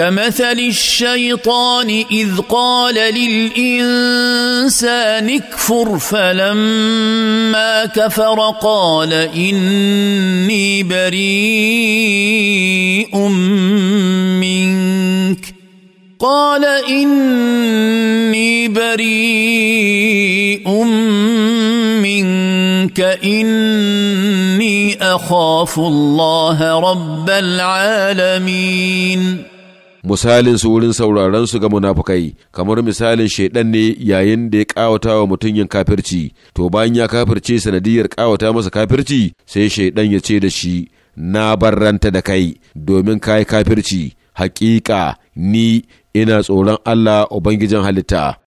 كمثل الشيطان اذ قال للانسان اكفر فلما كفر قال اني بريء منك قال اني بريء منك اني اخاف الله رب العالمين misalin su wurin sauraron su ga munafukai kamar misalin shaidan ne yayin da ya kawata wa mutum yin kafirci to bayan ya kafirce sanadiyar kawata masa kafirci sai shaidan ya ce da shi na barranta da kai domin kai kafirci hakika ni ina tsoron Allah ubangijin halitta